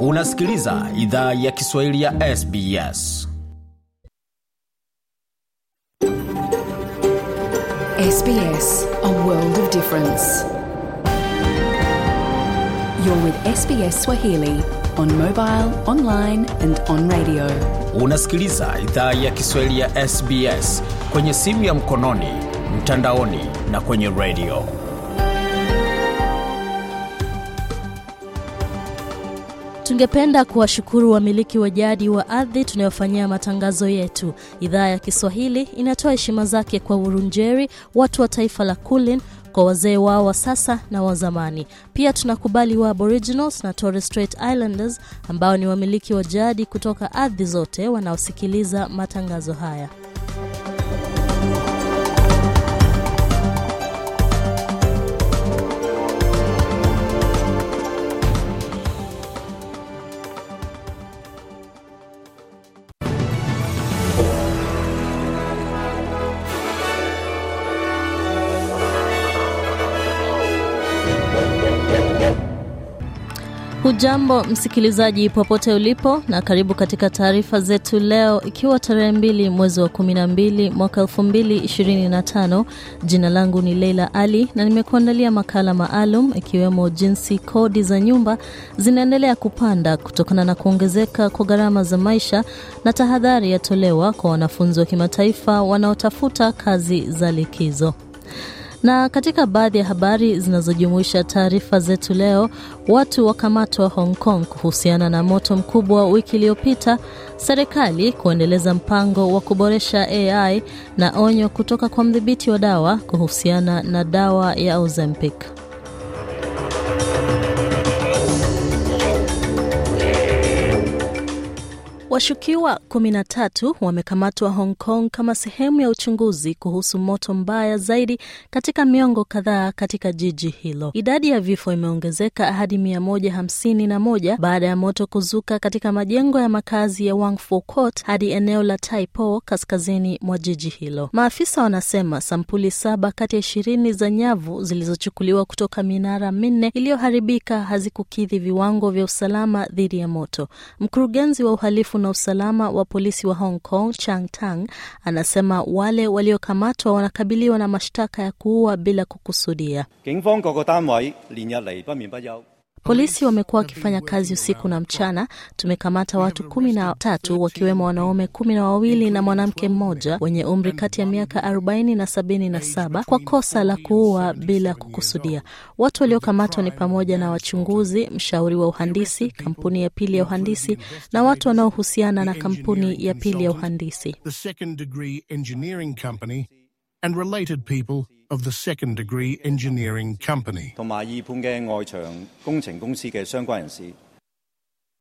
Unasikiliza idhaa ya Kiswahili ya SBS. SBS, a world of difference. You're with SBS Swahili on mobile, online and on radio. Unasikiliza idhaa ya Kiswahili ya SBS kwenye simu ya mkononi, mtandaoni na kwenye radio. Tungependa kuwashukuru wamiliki wa jadi wa ardhi tunayofanyia matangazo yetu. Idhaa ya Kiswahili inatoa heshima zake kwa Urunjeri, watu wa taifa la Kulin, kwa wazee wao wa sasa na wazamani Pia tunakubali wa Aboriginals na Torres Strait Islanders ambao ni wamiliki wa jadi kutoka ardhi zote wanaosikiliza matangazo haya. Hujambo msikilizaji popote ulipo, na karibu katika taarifa zetu leo, ikiwa tarehe mbili mwezi wa 12 mwaka 2025. Jina langu ni Leila Ali na nimekuandalia makala maalum ikiwemo jinsi kodi za nyumba zinaendelea kupanda kutokana na kuongezeka kwa gharama za maisha na tahadhari yatolewa kwa wanafunzi wa kimataifa wanaotafuta kazi za likizo. Na katika baadhi ya habari zinazojumuisha taarifa zetu leo, watu wakamatwa Hong Kong kuhusiana na moto mkubwa wiki iliyopita, serikali kuendeleza mpango wa kuboresha AI na onyo kutoka kwa mdhibiti wa dawa kuhusiana na dawa ya Ozempic. Washukiwa 13 wamekamatwa Hong Kong kama sehemu ya uchunguzi kuhusu moto mbaya zaidi katika miongo kadhaa katika jiji hilo. Idadi ya vifo imeongezeka hadi 151 baada ya moto kuzuka katika majengo ya makazi ya Wangfu Court hadi eneo la Tai Po kaskazini mwa jiji hilo. Maafisa wanasema sampuli saba kati ya ishirini za nyavu zilizochukuliwa kutoka minara minne iliyoharibika hazikukidhi viwango vya usalama dhidi ya moto. Mkurugenzi wa uhalifu na na usalama wa polisi wa Hong Kong Chang Tang anasema wale waliokamatwa wanakabiliwa na mashtaka ya kuua bila kukusudia. Polisi wamekuwa wakifanya kazi usiku na mchana. Tumekamata watu kumi na tatu wakiwemo wanaume kumi na wawili na mwanamke mmoja wenye umri kati ya miaka arobaini na sabini na saba kwa kosa la kuua bila kukusudia. Watu waliokamatwa ni pamoja na wachunguzi, mshauri wa uhandisi, kampuni ya pili ya uhandisi na watu wanaohusiana na kampuni ya pili ya uhandisi. of the second degree engineering company.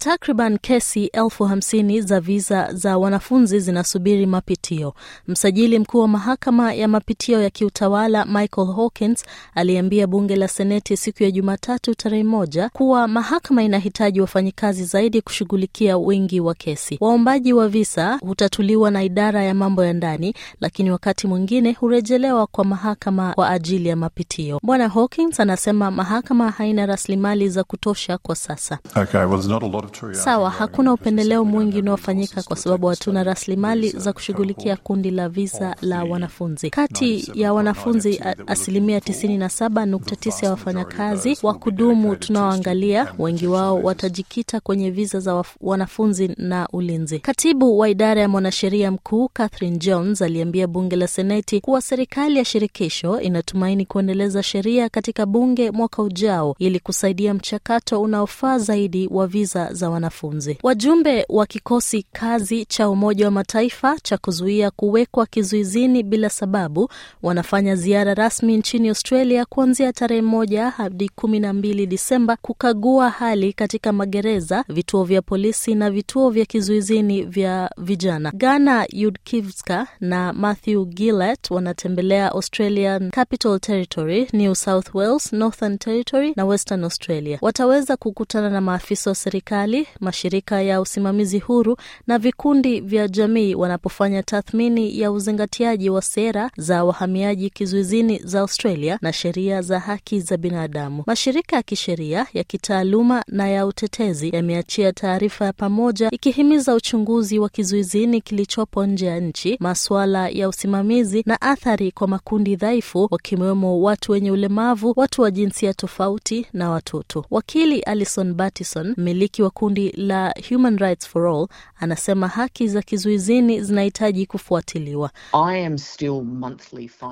Takriban kesi elfu hamsini za viza za wanafunzi zinasubiri mapitio. Msajili mkuu wa mahakama ya mapitio ya kiutawala Michael Hawkins aliambia bunge la Seneti siku ya Jumatatu tarehe moja kuwa mahakama inahitaji wafanyikazi zaidi kushughulikia wingi wa kesi. Waombaji wa visa hutatuliwa na idara ya mambo ya ndani, lakini wakati mwingine hurejelewa kwa mahakama kwa ajili ya mapitio. Bwana Hawkins anasema mahakama haina rasilimali za kutosha kwa sasa. Okay, well, Sawa, hakuna upendeleo mwingi unaofanyika kwa sababu hatuna rasilimali za kushughulikia kundi la visa la wanafunzi. Kati ya wanafunzi, asilimia 97.9 ya wafanyakazi wa kudumu tunaoangalia, wengi wao watajikita kwenye visa za wanafunzi na ulinzi. Katibu wa idara ya mwanasheria mkuu Catherine Jones aliambia bunge la Seneti kuwa serikali ya shirikisho inatumaini kuendeleza sheria katika bunge mwaka ujao ili kusaidia mchakato unaofaa zaidi wa visa za wanafunzi. Wajumbe wa kikosi kazi cha Umoja wa Mataifa cha kuzuia kuwekwa kizuizini bila sababu wanafanya ziara rasmi nchini Australia kuanzia tarehe moja hadi kumi na mbili Disemba kukagua hali katika magereza, vituo vya polisi na vituo vya kizuizini vya vijana. gana Yudkivska na Matthew Gillett wanatembelea Australian Capital Territory, New South Wales, Northern Territory na Western Australia. Wataweza kukutana na maafisa wa serikali serikali, mashirika ya usimamizi huru na vikundi vya jamii wanapofanya tathmini ya uzingatiaji wa sera za wahamiaji kizuizini za Australia na sheria za haki za binadamu. Mashirika ya kisheria ya kitaaluma na ya utetezi yameachia taarifa ya pamoja ikihimiza uchunguzi wa kizuizini kilichopo nje ya nchi, masuala ya usimamizi na athari kwa makundi dhaifu, wakiwemo watu wenye ulemavu, watu wa jinsia tofauti na watoto. Wakili Alison Battison, mmiliki wa kundi la Human Rights for All anasema haki za kizuizini zinahitaji kufuatiliwa.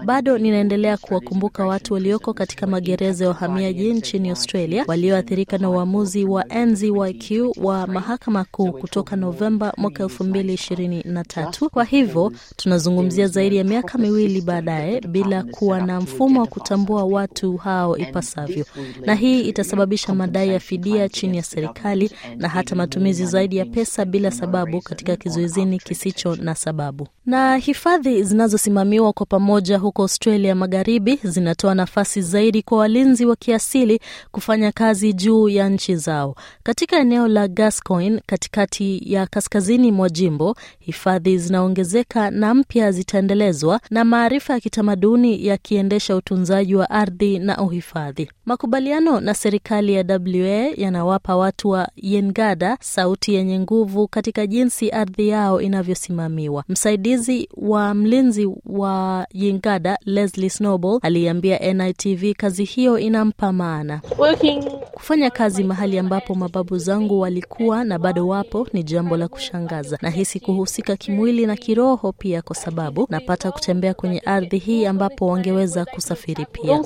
Bado ninaendelea kuwakumbuka watu walioko katika magereza ya wahamiaji nchini Australia walioathirika na uamuzi wa NZYQ wa mahakama kuu kutoka Novemba mwaka tatu. Kwa hivyo tunazungumzia zaidi ya miaka miwili baadaye bila kuwa na mfumo wa kutambua watu hao ipasavyo, na hii itasababisha madai ya fidia chini ya serikali na hata matumizi zaidi ya pesa bila sababu katika kizuizini kisicho na sababu. Na hifadhi zinazosimamiwa kwa pamoja huko Australia Magharibi zinatoa nafasi zaidi kwa walinzi wa kiasili kufanya kazi juu ya nchi zao. Katika eneo la gascoin katikati ya kaskazini mwa jimbo, hifadhi zinaongezeka na mpya zitaendelezwa na maarifa ya kitamaduni yakiendesha utunzaji wa ardhi na uhifadhi. Makubaliano na serikali ya WA yanawapa watu wa Yengada sauti yenye nguvu katika jinsi ardhi yao inavyosimamiwa. Msaidizi msaidizi wa mlinzi wa Yingada Leslie Snowball aliambia NITV kazi hiyo inampa maana. Kufanya kazi mahali ambapo mababu zangu walikuwa na bado wapo ni jambo la kushangaza. Nahisi kuhusika kimwili na kiroho pia, kwa sababu napata kutembea kwenye ardhi hii ambapo wangeweza kusafiri pia.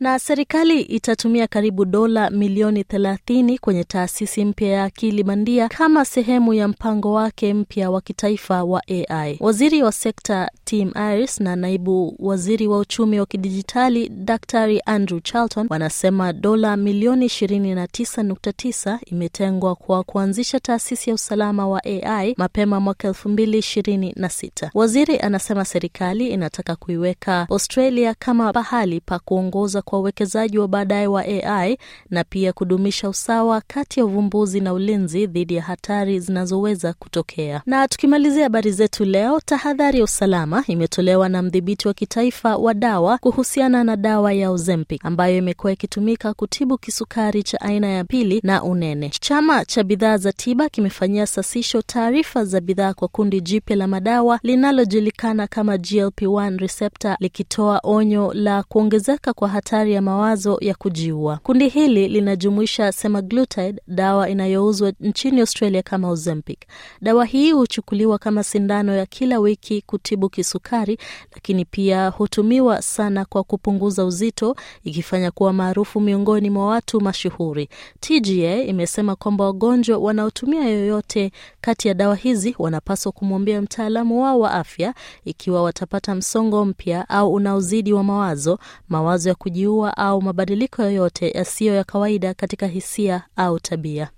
Na serikali itatumia karibu dola milioni 30 kwenye taasisi mpya ya akili bandia kama sehemu ya mpango wake mpya wa kitaifa wa AI. Waziri wa sekta Tim Iris na naibu waziri wa uchumi wa kidijitali Daktari Andrew Charlton wanasema dola milioni 29.9 imetengwa kwa kuanzisha taasisi ya usalama wa AI mapema mwaka 2026. Waziri anasema serikali inataka kuiweka Australia kama pahali pa kuongoza kwa uwekezaji wa baadaye wa AI na pia kudumisha usawa kati ya uvumbuzi na ulinzi dhidi ya hatari zinazoweza kutokea. Na tukimalizia habari zetu leo, tahadhari ya usalama imetolewa na mdhibiti wa kitaifa wa dawa kuhusiana na dawa ya Ozempic ambayo imekuwa ikitumika kutibu kisukari cha aina ya pili na unene. Chama cha bidhaa za tiba kimefanyia sasisho taarifa za bidhaa kwa kundi jipya la madawa linalojulikana kama GLP-1 receptor likitoa onyo la kuongezeka kwa hatari athari ya mawazo ya kujiua. Kundi hili linajumuisha semaglutide, dawa inayouzwa nchini Australia kama Ozempic. Dawa hii huchukuliwa kama sindano ya kila wiki kutibu kisukari, lakini pia hutumiwa sana kwa kupunguza uzito, ikifanya kuwa maarufu miongoni mwa watu mashuhuri. TGA imesema kwamba wagonjwa wanaotumia yoyote kati ya dawa hizi wanapaswa kumwambia mtaalamu wao wa afya ikiwa watapata msongo mpya au unaozidi wa mawazo, mawazo ya kujiua kujiua au mabadiliko yoyote yasiyo ya kawaida katika hisia au tabia.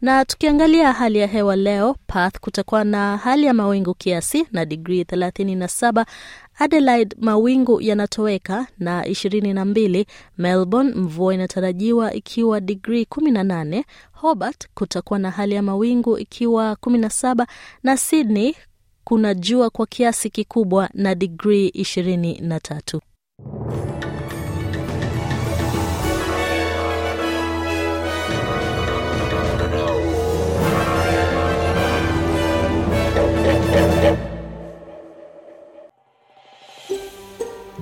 Na tukiangalia hali ya hewa leo, path kutakuwa na hali ya mawingu kiasi na digrii 37. Adelaide mawingu yanatoweka na 22. Melbourne mvua inatarajiwa ikiwa digrii 18. Hobart kutakuwa na hali ya mawingu ikiwa 17 na Sydney kuna jua kwa kiasi kikubwa na digrii 23.